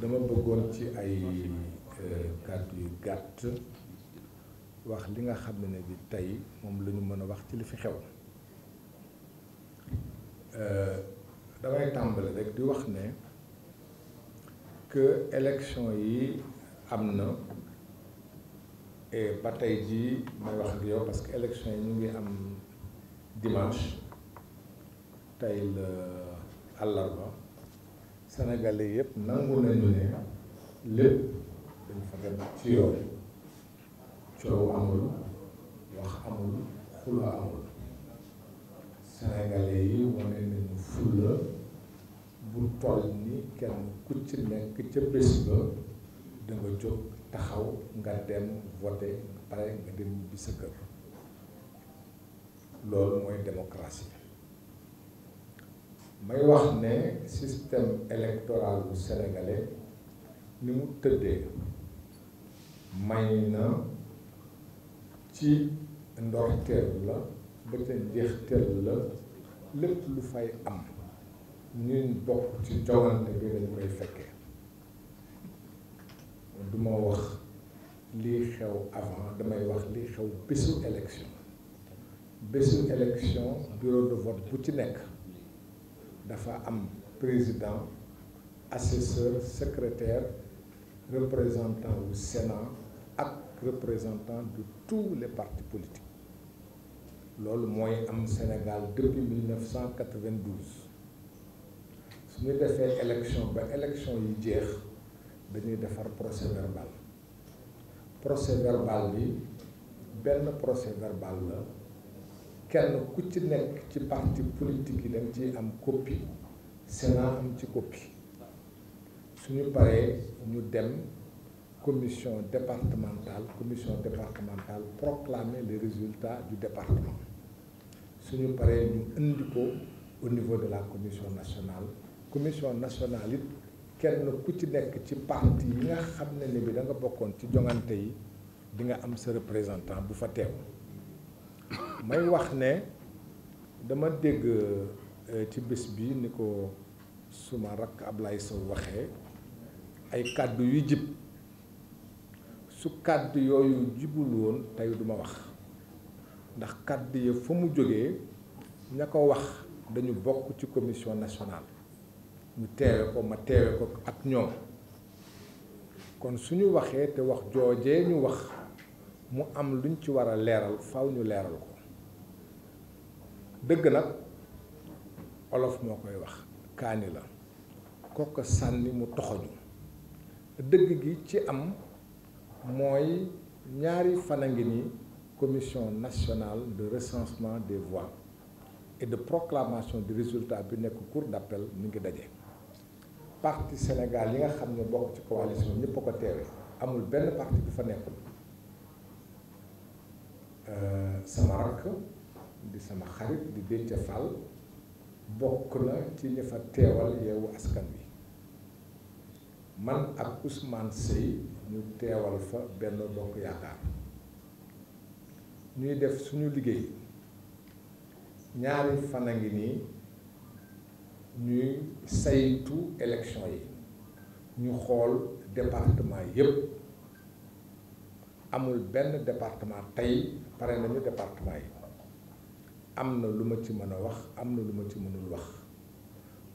dama bëggoon ci ay euh, kàddu yu gàtt wax li nga xam ne bi tey moom lañu mën a wax ci li fi xew euh, damay tàmbale rek di wax ne que élection yi am na et ba tey jii may wax ak yow parce que élection yi mu ngi am dimanche tey la àllarba sénégalais yëpp nangu nañu ne lépp dañ fa dem ci yoon coow amul wax amul xuloo amul sénégalais yi wane nañu fulla bu toll ni kenn ku ci nekk ca bés ba da jóg taxaw nga dem voté pare nga dem bi sa loolu mooy démocratie may wax ne système électoral bu sénégalais ni mu tëddee may na ci ndorteel la ba ca njeexteel la lépp lu fay am ñun bokk ci joŋante bi dañ koy fekkee duma wax lii xew avant damay wax lii xew bésu élection bésu élection bureau de vote bu ci nekk dafa am président assesseur secretaire représentant wu Sénat ak représentant de tous les partis politiques loolu mooy am Sénégal depuis 1992 su ñu defee élection ba élection yi jeex dañuy defar procès verbal procès verbal bi benn procès verbal la. kenn ku ci nekk ci parti politique yi dañ ciy am copie Sénat am ci copie suñu paree ñu dem commission départementale commission départementale proclamer les résultat du département suñu paree ñu indi ko au niveau de la commission nationale commission nationale it kenn ku ci nekk ci parti yi nga xam ne ni bi da nga bokkoon ci jongante yi di nga am sa représentant bu fa teew may wax ne dama dégg euh, ci bis bi ni ko suma rakk Ablaye Sow waxee ay kàddu yu jib su kàdd yooyu jibul woon tey duma wax ndax kàddu ya fa mu jógee ña ko wax dañu bokk ci commission nationale ñu teewe ko ma teewe ko ak ñoom kon suñu waxee te wax joojee ñu wax mu am luñ ci war a leeral faw ñu leeral ko dëgg nag olof moo koy wax kaani la ko sànni mu toxoñu dëgg gi ci am mooy ñaari fan a ngi ni commission nationale de recensement des voix et de proclamation du résultat bi nekk cour d'appel mu ngi daje parti Sénégal yi nga xam ne bokk ci coalition ñëpp a ko teewe amul benn parti bu fa nekkul euh, sama rakk di sama xarit di Déthié Fall bokk na ci ñi fa teewal yeewu askan wi man ak Ousmane Seye ñu teewal fa benn bokk yaakaar ñuy def suñu liggéey ñaari fan a ngi nii ñuy saytu élection yi ñu xool département yépp amul benn département tey pare nañu département yi am na lu ma ci mën a wax am na lu ma ci mënul wax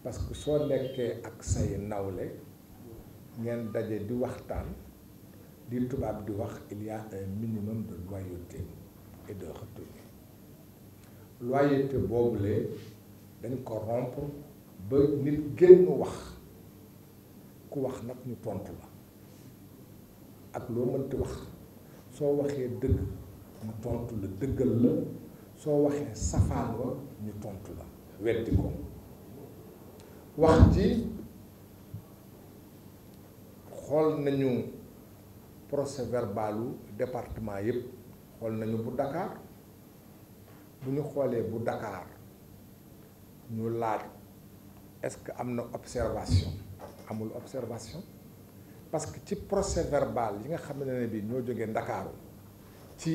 parce que soo lekkee ak say nawle ngeen daje di waxtaan di tubaab di wax il y a un minimum de loyauté et dañ ko rompre ba nit génn wax ku wax nag ñu tontu la ak loo mënti wax soo waxee dëgg ñu tontu la dëggal la soo waxee safaan wa ñu tontu la weddi ko wax ji xool nañu procès verbalu département yépp xool nañu bu Dakar bu ñu xoolee bu Dakar ñu laaj est-ce que am na observation amul observation parce que ci procès verbal yi nga xam ne ne bi ñoo jógee Ndakaaru ci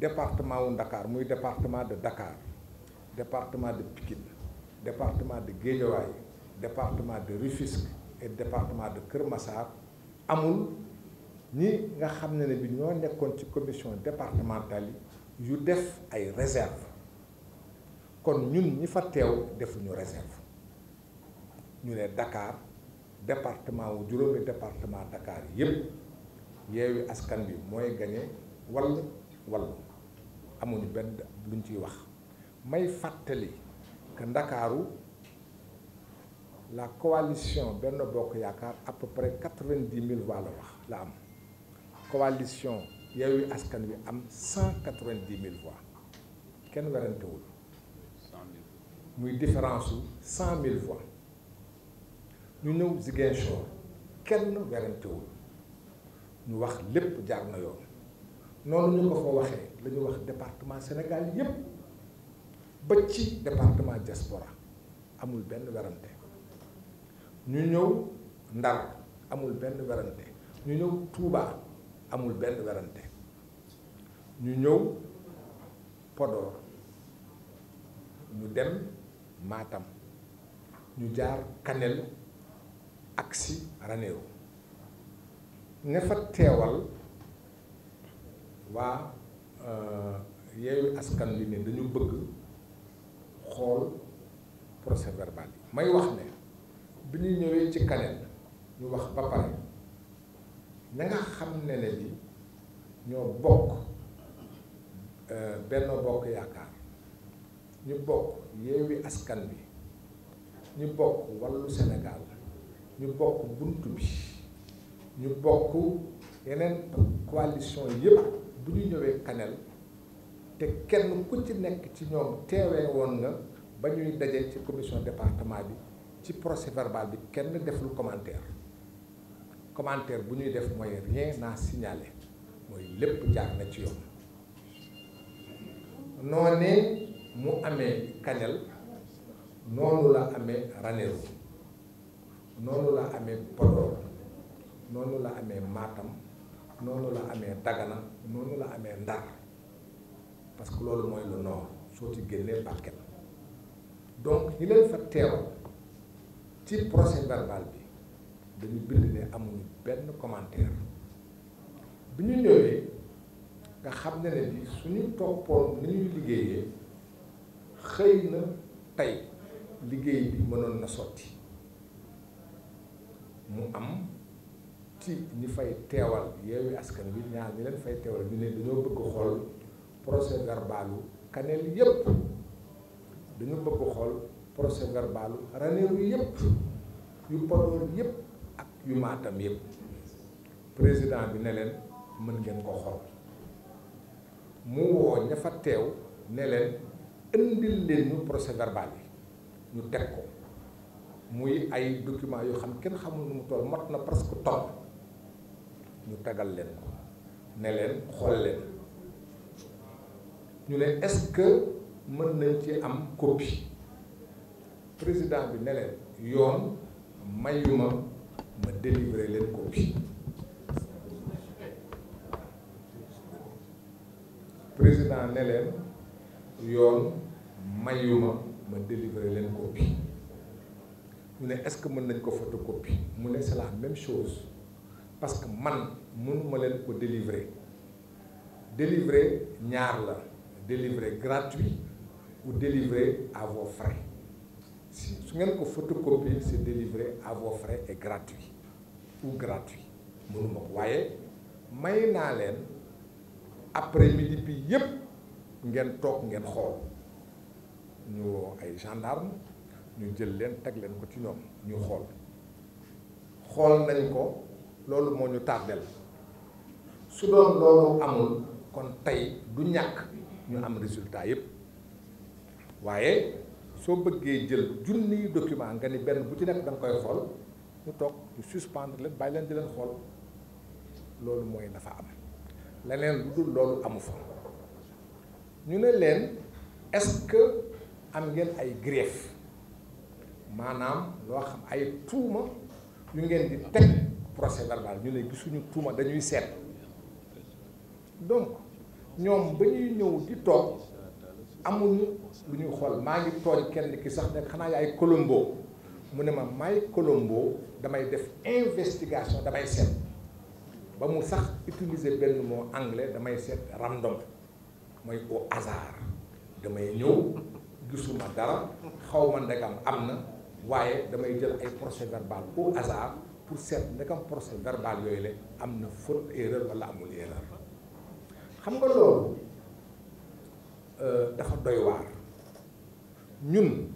département wu Ndakaar muy département de Dakar département de Pikine département de Guédiawaye département de Rufisque et département de Kër Massar amul ñi nga xam ne ne bi ñoo nekkoon ci commission départementale yi yu def ay réserve kon ñun ñi fa teew defuñu réserve ñu ne Dakar département wu juróomi département Dakar yépp Yewwi Askan Wi mooy gagné wàll wàll amuñu benn luñ ciy wax may fàttali que Ndakaaru la coalition benn Bokk Yaakaar à peu près quatre-vingt-dix mille voix la wax la am coalition Yewwi Askan Wi am cent quatre-vingt-dix mille voix kenn werantewul muy différence su cent mille voix ñu ñëw Ziguinchor kenn werantewul ñu wax lépp jaar na yoon noonu ñu ko fa waxee la ñu wax département Sénégal yépp ba ci département diaspora amul benn werante ñu ñëw Ndar amul benn werante ñu ñëw Touba amul benn werante ñu ñëw Podor ñu dem maatam ñu jaar Kanel ak si Ranérou waa Euh, yeewu askan bi ne dañu bëgg xool procès verbal yi may wax ne bi ñu ñëwee ci kaneen ñu wax ba pare nga xam ne ne bi ñoo bokk euh, benn bokk yaakaar ñu bokk yeewi askan bi ñu bokk wàllu Sénégal ñu bokk bunt bi ñu bokk yeneen coalition yépp bu ñu ñëwee Kanel te kenn ku ci nekk ci ñoom teewee woon nga ba ñuy daje ci commission département bi ci procès verbal bi kenn deful commentaire commentaire bu ñuy def mooy rien à signaler mooy lépp jaar na ci yoon noonee mu amee Kanel noonu la amee Ranérou noonu la amee Podor noonu la amee maatam noonu la amee Dagana noonu la amee Ndar parce que loolu mooy lu noor soo ci génnee Bakel donc ñi leen fa teewal ci procès verbal bi dañu bind ni amuñu benn commentaire bi ñu ñëwee nga xam ne ne bi suñu toppoon ni liggéeyee xëy na tey liggéey bi mënoon na sotti mu am ci ñi fay teewal yeewi askan wi ñaar ñi leen fay teewal ñu ne dañoo bëgg xool procès verbalu kaneel yépp dañu bëgg xool procès verbalu raneeru yépp yu Podor yépp ak yu Matam yépp président bi ne leen mën ngeen ko xool mu woo ña fa teew ne leen indil leen ñu procès verbal yi ñu teg ko muy ay documents yoo xam kenn xamul nu mu toll mot na presque topp ñu tagal leen ko ne leen xool leen ñu ne est-ce que mën nañ ci am copie président bi ne leen yoon mayuma ma délivrer leen copie président ne leen yoon mayuma ma délivrer leen copie ñu ne est-ce que mën nañ ko photocopie mu ne c'est la même chose parce man mënuma leen ko délivrer délivrer ñaar la délivrer gratuit ou délivrer à frais su ngeen ko photocopier c'est délivré à vos frais et gratuit ou gratuit mënuma ko waaye may naa leen après midi bi yépp ngeen toog ngeen xool ñu woo ay gendarme ñu jël leen teg leen ko ci ñoom ñu xool xool nañ ko loolu moo ñu tardel su doon loolu amul kon tey du ñàkk ñu am résultat yépp waaye soo bëggee jël junniy document nga ni benn bu ci nekk danga koy xool ñu toog ñu suspendre leen bàyyi leen di leen xool loolu mooy dafa am leneen lu dul loolu amu fa ñu ne leen est-ce que am ngeen ay grief maanaam loo xam ay tuuma yu ngeen di teg procès verbal ñu ne gisuñu tuuma dañuy seet donc ñoom ba ñuy ñëw di toog amuñu lu ñuy xool maa ngi tooñ kenn ki sax nag xanaa yaay Colombo mu ne ma may Colombo damay def investigation damay seet ba mu sax utiliser benn mot anglais damay seet random mooy au hasard damay ñëw gisuma dara xaw ma ndegam am na waaye damay jël ay procès verbal au hasard pour seet ndegam procès verbal yooyu la am na faute erreur wala amul erreur xam nga loolu euh, dafa doy ñun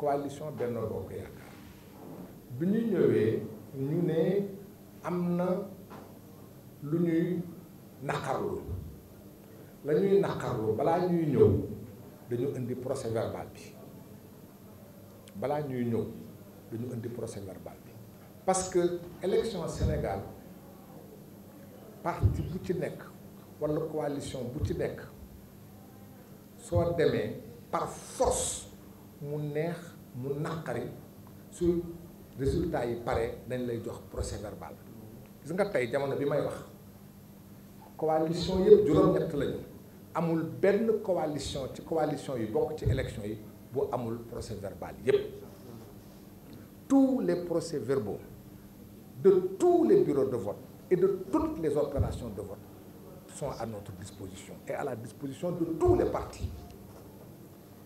coalition Benno Bokk Yaakaar bi ñuy ñëwee ñu ne am na lu ñuy naqarlu la ñuy naqarlu balaa ñuy ñëw dañu indi procès verbal bi balaa ñuy ñëw dañu indi procès verbal bi parce que élection Sénégal parti bu ci nekk wala coalition bu ci nekk soo demee par force mu neex mu naqari su résultat yi pare dañ lay jox procès verbal gis nga tey jamono bi may wax coalition yëpp juróom-ñett lañu amul benn coalition ci coalition yi bokk ci élection yi bu amul procès verbal yëpp tous les procès verbaux de tous les bureaux de vote et de toutes les opérations de vote sont à notre disposition et à la disposition de tous les partis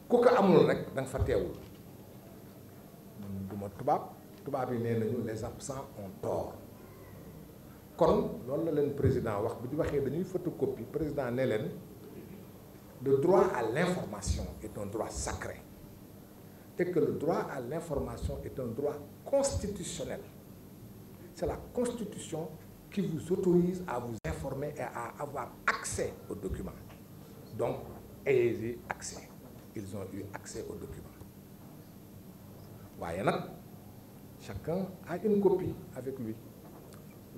ku ko amul rek da nga fa teewul man tubaab tubaab yi nee nañu les absents ont tort kon loolu la leen président wax bi ñu waxee dañuy photocopie président ne leen le droit à l'information est un droit sacré et que le droit à l'information est un droit constitutionnel c'est la constitution qui vous autorise à vous informer et à avoir accès aux documents. Donc, ayez accès. Ils ont eu accès aux documents. waaye nag chacun a une copie avec lui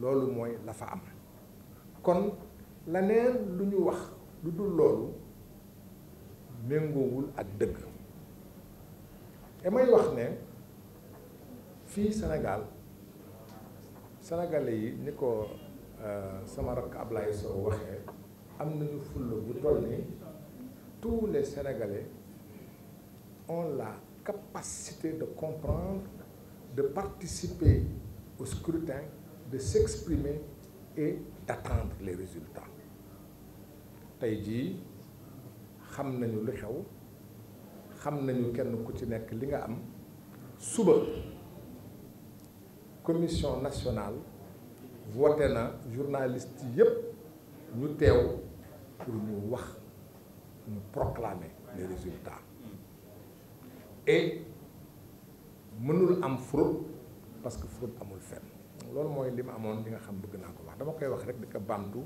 loolu mooy la fa am kon leneen lu ñu wax lu dul loolu méngoowul ak dëgg te wax ne fii Sénégal sénégalais yi ni ko euh, sama rakk Ablaye soo waxee am nañu fulla bu toll ni tous les sénégalais on la capacité de comprendre de participer au scrutin de s'exprimer et d'attendre les résultats tey jii xam nañu lu xew xam nañu kenn ku ci nekk li nga am suba commission nationale voté na journaliste yëpp ñu teew pour ñu wax ñu proclamer les résultats et mënul am fraude parce que fraude amul fenn loolu mooy li ma amoon li nga xam bëgg naa ko wax dama koy wax rek di ko bamtu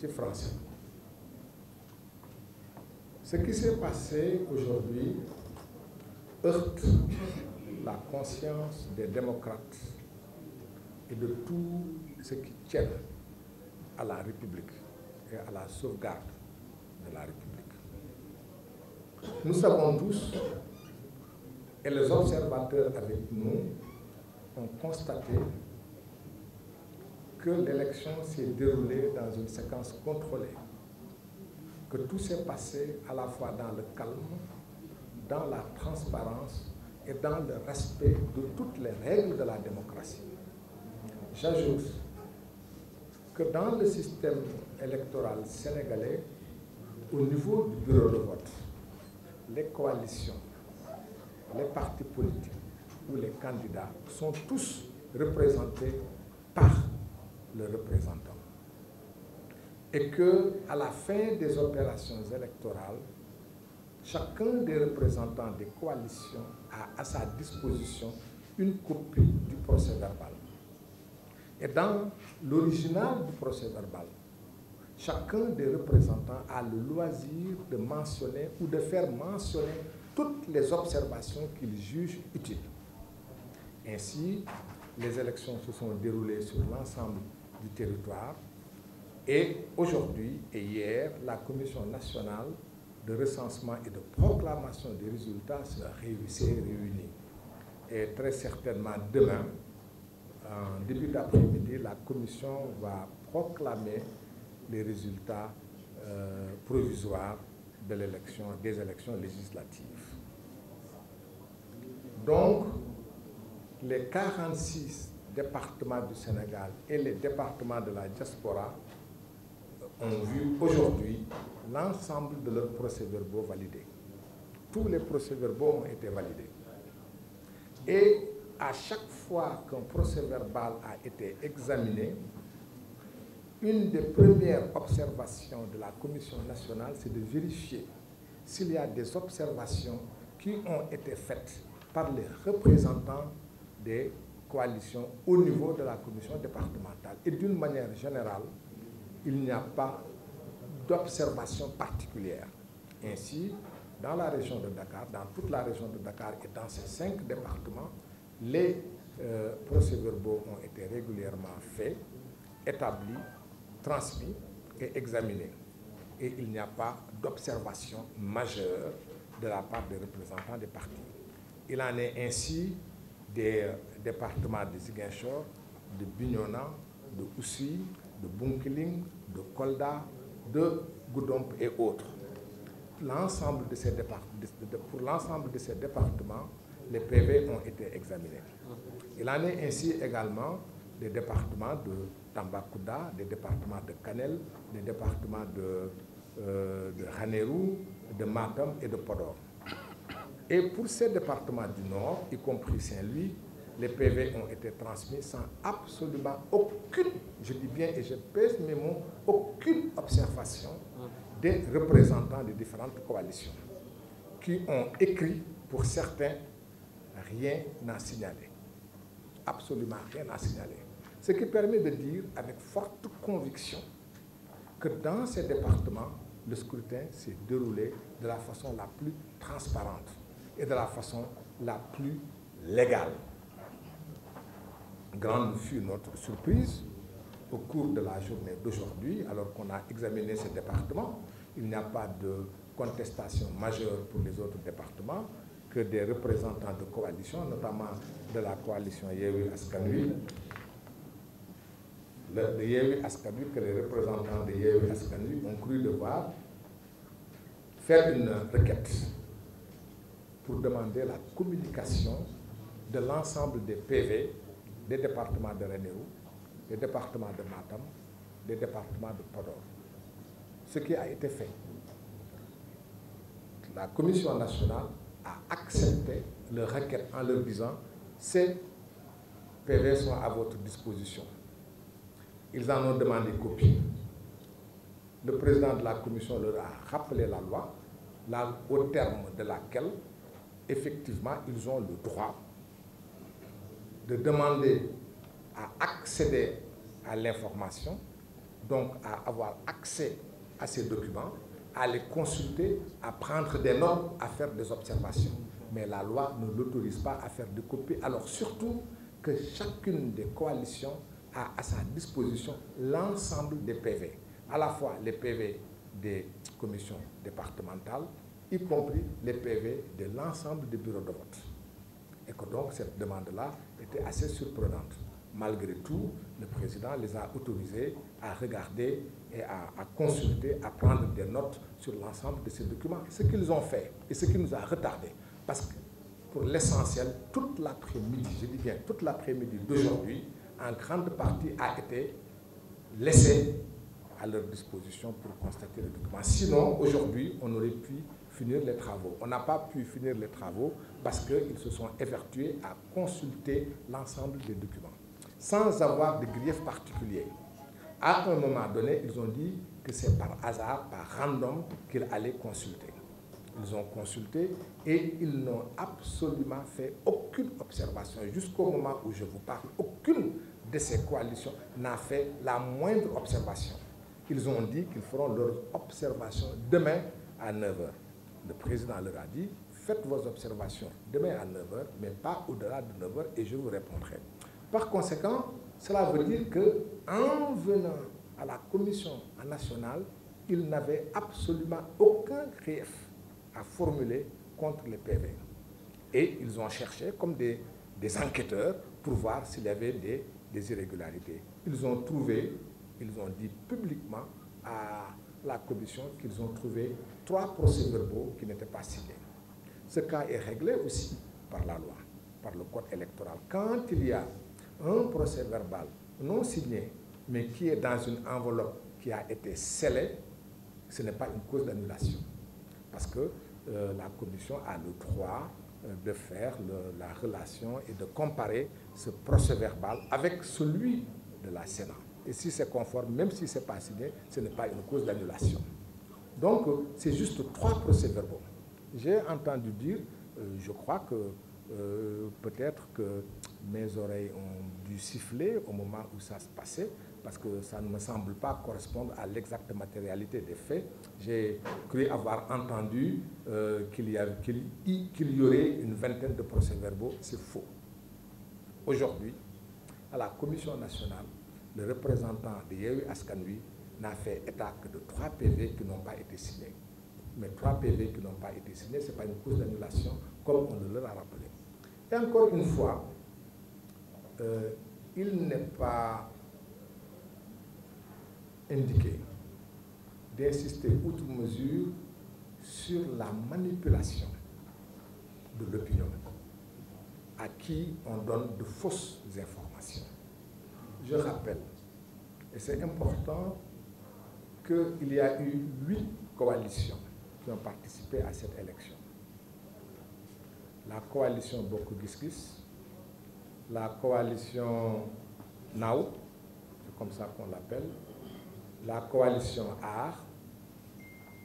ci français ce qui s'est passé aujourd'hui la conscience des démocrates et de tout ce qui tient à la République et à la sauvegarde de la République. Nous savons tous, et les observateurs avec nous ont constaté que l'élection s'est déroulée dans une séquence contrôlée, que tout s'est passé à la fois dans le calme, dans la transparence et dans le respect de toutes les règles de la démocratie. J'ajoute que dans le système électoral sénégalais, au niveau du bureau de vote, les coalitions, les partis politiques ou les candidats sont tous représentés par le représentant. Et que à la fin des opérations électorales, chacun des représentants des coalitions a à sa disposition une copie du procès verbal. Et dans l'original du procès verbal, chacun des représentants a le loisir de mentionner ou de faire mentionner toutes les observations qu'il juge utiles. Ainsi, les élections se sont déroulées sur l'ensemble du territoire et aujourd'hui et hier, la Commission nationale de recensement et de proclamation des résultats se réunie. Et très certainement demain, en euh, début d'après-midi, la commission va proclamer les résultats euh, provisoires de des élections législatives. Donc, les 46 départements du Sénégal et les de la diaspora ont de leurs procès-verbaux les procès-verbaux à chaque fois qu'un procès-verbal a été examiné, une des premières observations de la Commission nationale, c'est de vérifier s'il y a des observations qui ont été faites par les représentants des coalitions au niveau de la commission départementale. Et d'une manière générale, il n'y a pas d'observation particulière. Ainsi, dans la région de Dakar, dans toute la région de Dakar et dans ces cinq départements, Les euh, procès-verbaux ont été régulièrement faits, établis, transmis et examinés. Et il n'y a pas d'observation majeure de la part des représentants des partis. Il en est ainsi des euh, départements de Ziguinchor, de Bignona, de Oussy, de Bunkiling, de Kolda, de Goudomp et autres. L'ensemble de ces départements, pour l'ensemble de ces départements, les PV ont été examinés. Il en est ainsi également des départements de Tambacounda, des départements de Canel, des départements de, euh, de Hanerou, de Matam et de Podor. Et pour ces départements du Nord, y compris Saint-Louis, les PV ont été transmis sans absolument aucune, je dis bien et je pèse mes mots, aucune observation des représentants des différentes coalitions qui ont écrit pour rien à signaler. Absolument rien à signaler. Ce qui permet de dire avec forte conviction que dans ces départements, le scrutin s'est déroulé de la façon la plus transparente et de la façon la plus légale. Grande fut notre surprise au cours de la journée d'aujourd'hui, alors qu'on a examiné ce département, il n'y a pas de contestation majeure pour les autres départements, que des représentants de coalition, notamment de la coalition Yewi Askanui, le, Yewi Askanui, que les représentants de Yewi Askanui ont cru devoir faire une requête pour demander la communication de l'ensemble des PV des départements de Renéou, des départements de Matam, des départements de Podor. Ce qui a été fait. La Commission nationale à accepter leur requête en leur disant ces PV sont à votre disposition. Ils en ont demandé copie. Le président de la commission leur a rappelé la loi, là, au terme de laquelle, effectivement, ils ont le droit de demander à accéder à l'information, donc à avoir accès à ces documents à les consulter, à prendre des notes, à faire des observations. Mais la loi ne l'autorise pas à faire de copies. Alors surtout que chacune des coalitions a à sa disposition l'ensemble des PV, à la fois les PV des commissions départementales, y compris les PV de l'ensemble des bureaux de vote. Et que donc cette demande-là était assez surprenante. Malgré tout, le président les a autorisés à regarder et à, à, consulter, à prendre des notes sur l'ensemble de ces documents, ce qu'ils ont fait et ce qui nous a retardé. Parce que pour l'essentiel, toute l'après-midi, je dis bien toute l'après-midi d'aujourd'hui, en grande partie a été laissée à leur disposition pour constater les documents. Sinon, aujourd'hui, on aurait pu finir les travaux. On n'a pas pu finir les travaux parce qu'ils se sont évertués à consulter l'ensemble des documents, sans avoir de griefs particuliers. à un moment donné, ils ont dit que c'est par hasard, par random, qu'ils allaient consulter. Ils ont consulté et ils n'ont absolument fait aucune observation. Jusqu'au moment où je vous parle, aucune de ces coalitions n'a fait la moindre observation. Ils ont dit qu'ils feront leur observation demain à 9h. Le président leur a dit, faites vos observations demain à 9h, mais pas au-delà de 9h et je vous répondrai. Par conséquent, Cela veut dire que en venant à la commission nationale, il n'avait absolument aucun grief à formuler contre les PV. Et ils ont cherché comme des, des enquêteurs pour voir s'il y avait des, irrégularités. Ils ont trouvé, ils ont dit publiquement à la commission qu'ils ont trouvé trois procès-verbaux qui n'étaient pas signés. Ce cas est réglé aussi par la loi, par le code électoral. Quand il y a un procès verbal non signé, mais qui est dans une enveloppe qui a été scellée, ce n'est pas une cause d'annulation. Parce que euh, la commission a le droit euh, de faire la relation et de comparer ce procès verbal avec celui de la Sénat. Et si c'est conforme, même si ce n'est pas signé, ce n'est pas une cause d'annulation. Donc, euh, c'est juste trois procès-verbaux. J'ai entendu dire, je crois que euh, peut-être que mes oreilles ont dû siffler au moment où ça se passait, parce que ça ne me semble pas correspondre à l'exacte matérialité des faits. J'ai cru avoir entendu euh, qu'il y, aurait une vingtaine de procès-verbaux. C'est faux. Aujourd'hui, à la Commission nationale, le représentant de Yehu Askanui n'a fait état que de trois PV qui n'ont pas été signés. Mais trois PV qui n'ont pas été signés, ce pas une cause d'annulation, comme on le leur a rappelé. Et encore une euh, il n'est pas indiqué d'insister outre mesure sur la manipulation de l'opinion à qui on donne de fausses informations. Je rappelle, et c'est important, qu'il y a eu huit coalitions qui ont participé à cette élection. La coalition Bokk Gis la coalition NAO, c'est comme ça qu'on l'appelle, la coalition AR,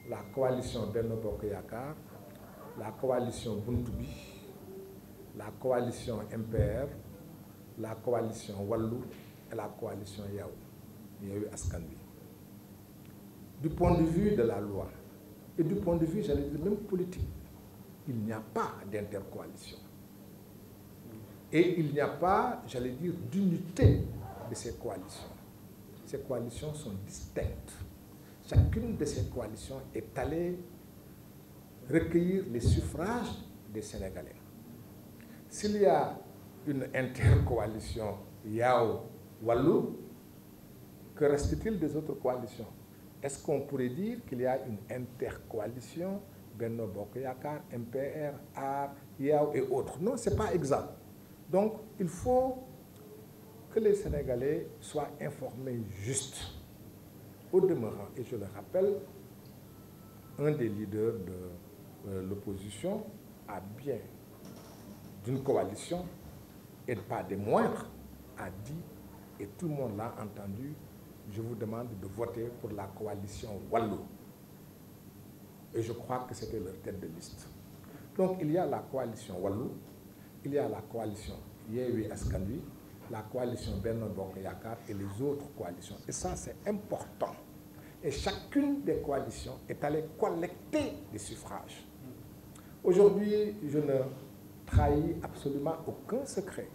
la coalition Benno Bokoyakar, la coalition Buntubi, la coalition MPR, la coalition Wallou et la coalition Yao, Yewi Askanbi. Du point de vue de la loi et du point de vue, j'allais dire, même politique, il n'y a pas d'intercoalition. il n'y a pas, j'allais dire, d'unité de ces coalitions. Ces coalitions sont distinctes. Chacune de ces coalitions est allée recueillir les suffrages des Sénégalais. S'il y a une intercoalition Yao-Wallou, que reste-t-il des autres coalitions Est-ce qu'on pourrait dire qu'il y a une intercoalition Benno Bokoyakar, MPR, AR, Yao et autres Non, ce pas exact. Donc, il faut que les Sénégalais soient informés juste. Au demeurant, et je le rappelle, un des leaders de euh, l'opposition a bien, d'une coalition, et pas des moindres, a dit, et tout le monde l'a entendu, je vous demande de voter pour la coalition Wallou. Et je crois que c'était leur tête de liste. Donc il y a la coalition Wallou, il y a la coalition Yewwi Askan la coalition Benno Bokk Yaakaar et les autres coalitions et ça c'est important et chacune des coalitions est allée collecter des suffrages aujourd'hui je ne trahis absolument aucun secret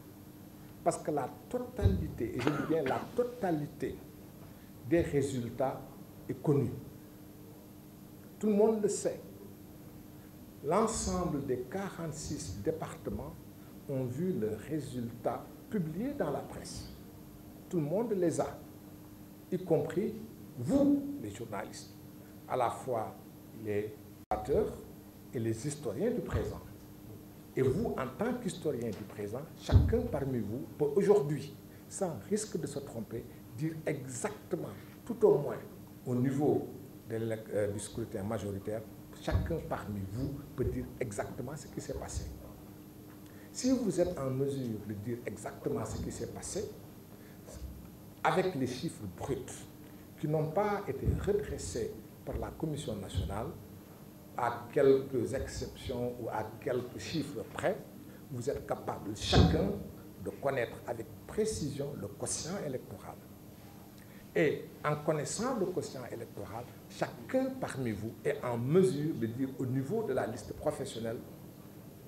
parce que la totalité et je dis bien la totalité des résultats est connue tout le monde le sait l'ensemble des départements ont vu le résultat publié dans la presse. Tout le monde les a, y compris vous, les journalistes, à la fois les auteurs et les historiens du présent. Et vous, en tant qu'historien du présent, chacun parmi vous peut aujourd'hui, sans risque de se tromper, dire exactement, tout au moins au niveau de, euh, du scrutin majoritaire, chacun parmi vous peut dire exactement ce qui s'est passé. Si vous êtes en mesure de dire exactement ce qui s'est passé, avec les chiffres bruts qui n'ont pas été redressés par la Commission nationale, à quelques exceptions ou à quelques chiffres près, vous êtes capable chacun de connaître avec précision le quotient électoral. Et en connaissant le quotient électoral, chacun parmi vous est en mesure de dire au niveau de la liste professionnelle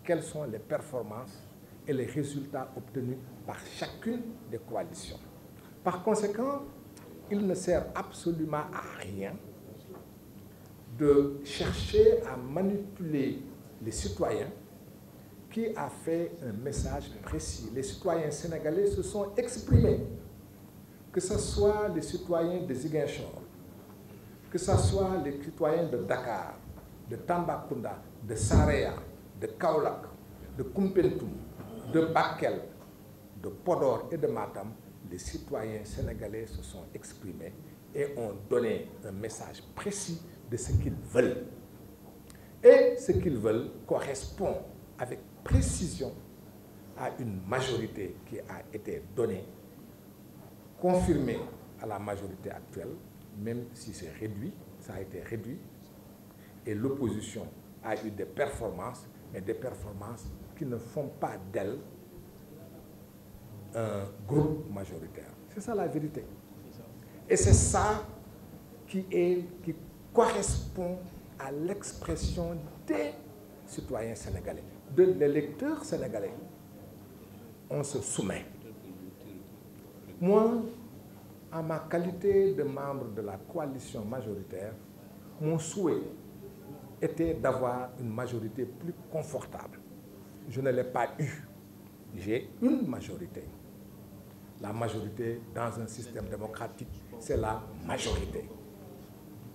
quelles sont les performances et les résultats obtenus par chacune des coalitions. Par conséquent, il ne sert absolument à rien de chercher à manipuler les citoyens qui a fait un message précis. Les citoyens sénégalais se sont exprimés, que ce soit les citoyens de Ziguinchor, que ce soit les citoyens de Dakar, de Tambacounda, de Saraya, de Kaolack de Koumpentoum de Bakel de Podor et de Matam les citoyens sénégalais se sont exprimés et ont donné un message précis de ce qu'ils veulent et ce qu'ils veulent correspond avec précision à une majorité qui a été donnée confirmée à la majorité actuelle même si c'est réduit ça a été réduit et l'opposition a eu des performances mais des performances qui ne font pas d'elle un groupe majoritaire. C'est ça la vérité. Et c'est ça qui, est, qui correspond à l'expression des citoyens sénégalais, de l'électeur sénégalais. On se soumet. Moi, en ma qualité de membre de la coalition majoritaire, mon souhait était d'avoir une majorité plus confortable. Je ne l'ai pas eue. J'ai une majorité. La majorité dans un système démocratique, c'est la majorité.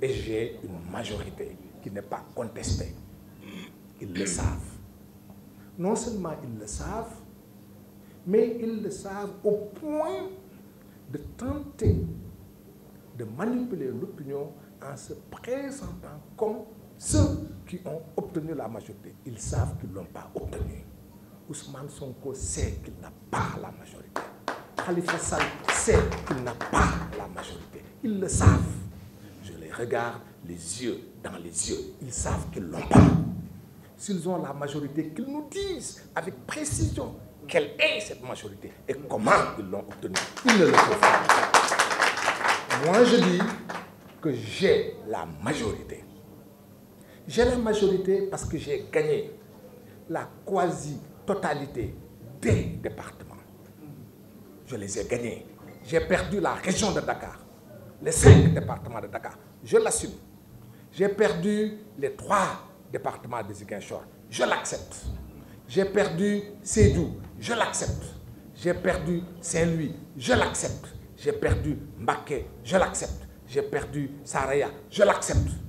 Et j'ai une majorité qui n'est pas contestée. Ils le savent. Non seulement ils le savent, mais ils le savent au point de tenter de manipuler l'opinion en se présentant comme Ceux qui ont obtenu la majorité, ils savent qu'ils ne l'ont pas obtenue. Ousmane Sonko sait qu'il n'a pas la majorité. Khalifa Sall sait qu'il n'a pas la majorité. Ils le savent. Je les regarde les yeux dans les yeux. Ils savent qu'ils ne pas. S'ils ont la majorité, qu'ils nous disent avec précision quelle est cette majorité et comment ils l'ont obtenue. Ils ne le savent Moi, je dis que j'ai la majorité. J'ai la majorité parce que j'ai gagné la quasi-totalité des départements. Je les ai gagnés. J'ai perdu la région de Dakar, les cinq départements de Dakar. Je l'assume. J'ai perdu les trois départements de Ziguinchor. Je l'accepte. J'ai perdu Sédou. Je l'accepte. J'ai perdu Saint-Louis. Je l'accepte. J'ai perdu Mbaké. Je l'accepte. J'ai perdu Saraya. Je l'accepte.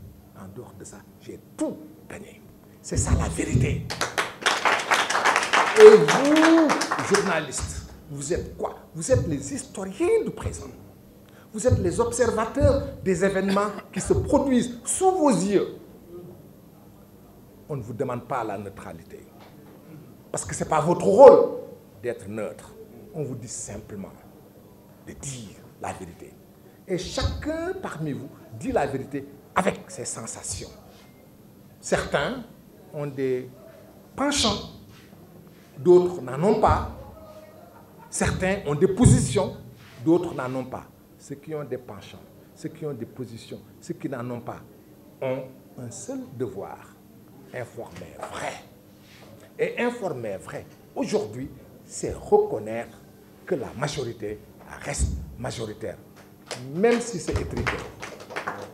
dehors de ça, j'ai tout gagné. C'est ça la vérité. Et vous, journalistes, vous êtes quoi? Vous êtes les historiens du présent. Vous êtes les observateurs des événements qui se produisent sous vos yeux. On ne vous demande pas la neutralité. Parce que c'est pas votre rôle d'être neutre. On vous dit simplement de dire la vérité. Et chacun parmi vous dit la vérité avec ces sensations. Certains ont des penchants, d'autres n'en ont pas. Certains ont des positions, d'autres n'en ont pas. Ceux qui ont des penchants, ceux qui ont des positions, ceux qui n'en ont pas, ont un seul devoir, informer vrai. Et informer vrai, aujourd'hui, c'est reconnaître que la majorité reste majoritaire, même si c'est étriqué.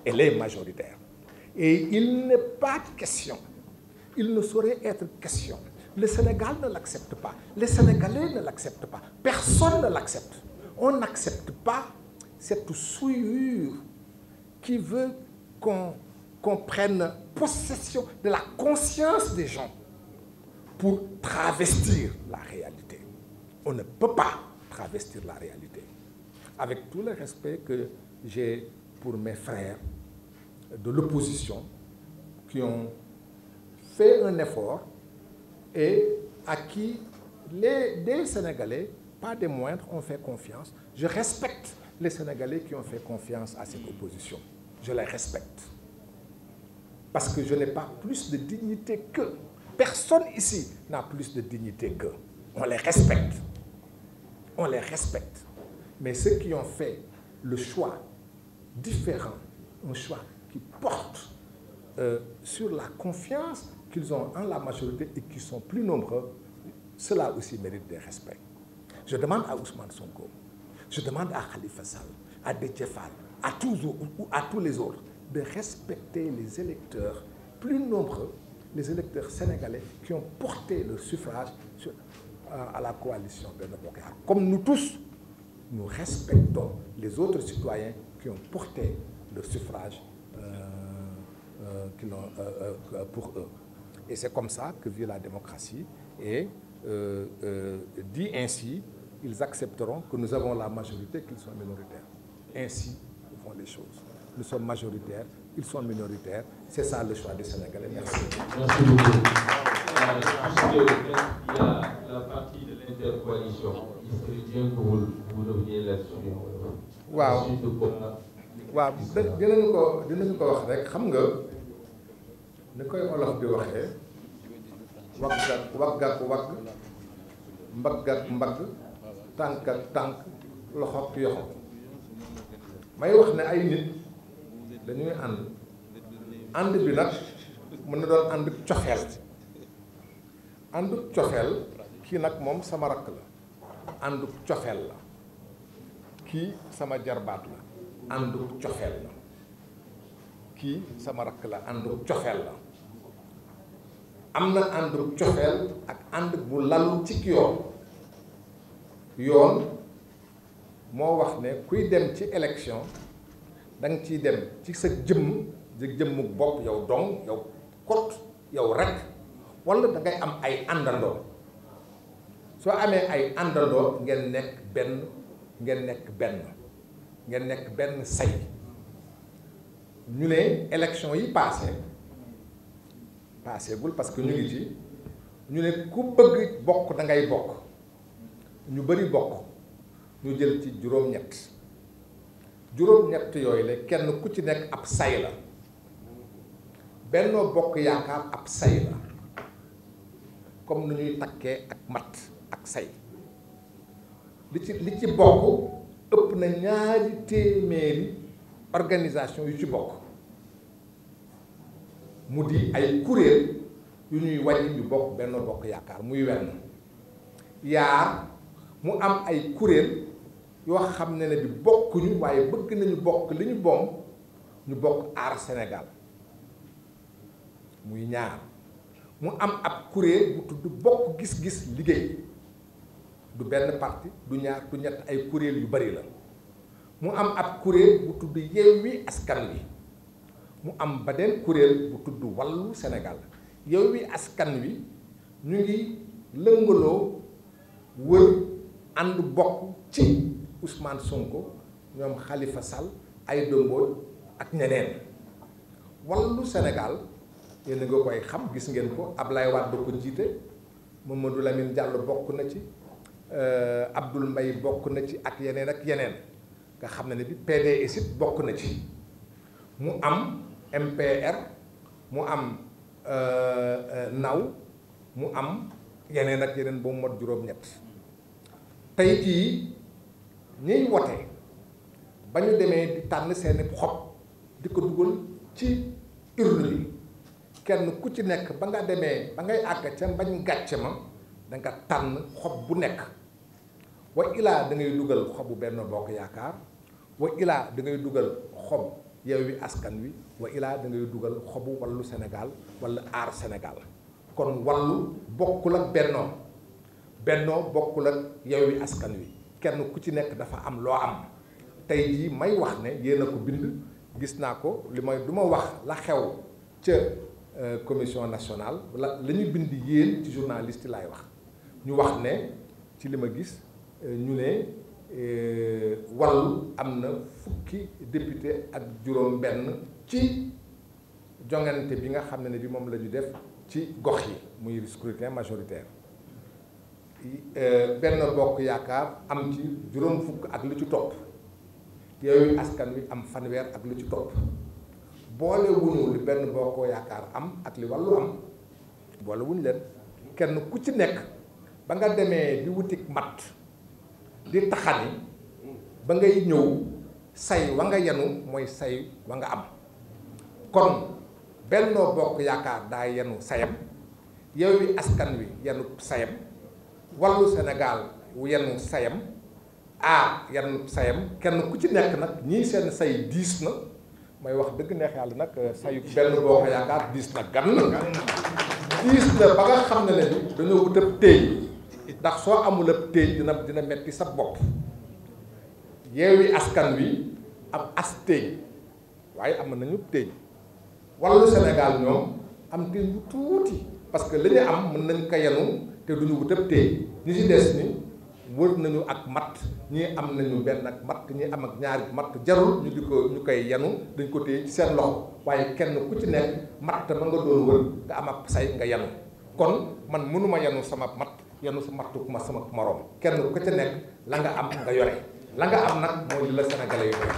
elle est majoritaire. Et il n'est pas question, il ne saurait être question. Le Sénégal ne l'accepte pas, les Sénégalais ne l'acceptent pas, personne ne l'accepte. On n'accepte pas cette souillure qui veut qu'on qu prenne possession de la conscience des gens pour travestir la réalité. On ne peut pas travestir la réalité. Avec tout le respect que j'ai pour mes frères de l'opposition qui ont fait un effort et à qui les, des Sénégalais, pas des moindres, ont fait confiance. Je respecte les Sénégalais qui ont fait confiance à cette opposition. Je les respecte. Parce que je n'ai pas plus de dignité qu'eux. Personne ici n'a plus de dignité qu'eux. On les respecte. On les respecte. Mais ceux qui ont fait le choix différent, un choix qui porte euh, sur la confiance qu'ils ont en la majorité et qui sont plus nombreux, cela aussi mérite de respects. Je demande à Ousmane Sonko, je demande à Khalifa Sall, à Détiefal, à tous, à tous les autres de respecter les électeurs plus nombreux, les électeurs sénégalais qui ont porté leur suffrage à la coalition de Bokar, comme nous tous nous respectons les autres citoyens qui ont porté le suffrage euh, euh qui ont, euh, euh, pour eux. Et c'est comme ça que vit la démocratie. Et dit ainsi, ils accepteront que nous avons la majorité, qu'ils sont minoritaires. Ainsi vont les choses. Nous sommes majoritaires, ils sont minoritaires. C'est ça le choix des Sénégalais. Merci. Merci de l'intercoalition. waaw waaw dinañu ko dinañu ko wax rek xam nga ni koy olof bi waxee wagg ak wagg ak mbagg ak tànk tànk loxo ak yoxo may wax ne ay nit dañuy ànd ànd bi nag mën na doon ànd coxeel ànd coxeel kii nag moom sama rakk la àndu coxeel la kii sama jarbaat la àndu cofeel la kii sama rakk la àndu cofeel la am na àndu coxeel ak ànd bu lalu ci yoon yoon moo wax ne kuy dem ci élection danga nga ciy dem ci sa jëmm sa jëmmu bopp yow dong yow kot yow rekk walla dangay am ay àndandoo soo amee ay àndandoo ngeen nekk benn ngeen nekk benn ngeen nekk benn say ñu ne élection yi passé passé gul parce que ñu ngi ci ñu ne ku bëgg bokk da ngay bokk ñu bëri bokk ñu jël ci juróom-ñett juróom-ñett yooyu la kenn ku ci nekk ab say la Benno Bokk Yaakaar ab say la comme ni ñuy takkee ak matt ak say li ci li ci bokk ëpp na ñaari téeméeri organisation yu ci bokk mu di ay kuréel yu ñuy wàññi yu bokk benn bokk yaakaar muy wenn yaa mu am ay kuréel yoo xam ne ne bi bokkuñu waaye bëgg nañu bokk li ñu boom ñu bokk aar senegal muy ñaar mu am ab kuréel bu tudd bokk gis-gis liggéey du benn parti du ñaar ñett ay kuréel yu bari la mu am ab kuréel bu tudd Yewwi Askan Wi mu am beneen kuréel bu tudd Wallu Sénégal Yewwi Askan Wi ñu ngi lëngaloo wër ànd bokk ci Ousmane Sonko ñoom xalifa Sall ay dëmbooj ak ñeneen Wallu Sénégal yéen a nga koy xam gis ngeen ko ab lay Ablaye Wade ko jiite Mamadou Lamine jàll bokk na ci Euh, abdul mbay bokk na ci ak yeneen ak yeneen nga xam ne bi PDS it bokk na ci mu am MPR mu am euh, naw mu am yeneen ak yeneen ba mu mot juróom-ñett tey jii ñuy wote ba ñu demee di tànn seeni xob di ko dugal ci urne kenn ku ci nekk ba nga demee ba ngay àgg ca mbañ gàcce ma da nga tànn xob bu nekk wa ilaa da ngay dugal xobu benn bokk yaakaar wa ilaa da ngay dugal xob Yewwi Askan Wi wa ilaa da ngay dugal xobu wallu Sénégal wala aar Sénégal kon wàllu bokkul ak bennoo bennoo bokkul ak Yewwi Askan Wi kenn ku ci nekk dafa am loo am tey jii may wax ne yéen a ko bind gis naa ko li may du ma wax la xew ca euh, commission national la la ñu bind yéen ci journaliste laay wax ñu wax ne ci li ma gis ñu ne euh, Wallu am na fukki député ak juróom-benn ci jongante bi nga xam ne ne bi moom la def ci gox yi muy scrutin majoritaire euh, benn bokk yaakaar am ci juróom fukk ak lu ci topp yooyu askan wi am fanweer ak lu ci topp boole wuñu li benn bokkoo yaakaar am ak li wàllu am boole wuñu leen kenn ku ci nekk ba nga demee bi wutik mat di taxani ba ngay ñëw say wa nga yenu mooy say wa nga am kon Benno Bokk Yaakaar daa yenu sayam Yewwi Askan Wi yenu sayam Wallu Sénégal yenu sayam aar yenu sayam kenn ku ci nekk nag ñii seen say diis na mooy wax dëgg neex yàlla nag euh, sayu Benno Bokk Yaakaar diis na gan na diis na ba nga xam ne ne dañoo wut ab ndax soo amul ab téeñ dina dina metti sa bopp yeewi askan wi am as téeñ waaye am nañu téeñ wàllu Sénégal ñoom am téeñ bu tuuti parce que li ñu am mën nañ ko yenu te duñu wut ab téeñ ñi ci des ni wër nañu ak matt ñi am nañu benn ak matt ñi am ak ñaari matt jarul ñu di ko ñu koy yenu dañ ko téye ci seen loxo waaye kenn ku ci nekk matt ma nga doon wër nga am ak say nga yenu kon man mënuma yenu sama matt yenu si martu ma sama moroom kenn ku ca nekk la nga am nga yore la nga am nag mooy li la sénégal yi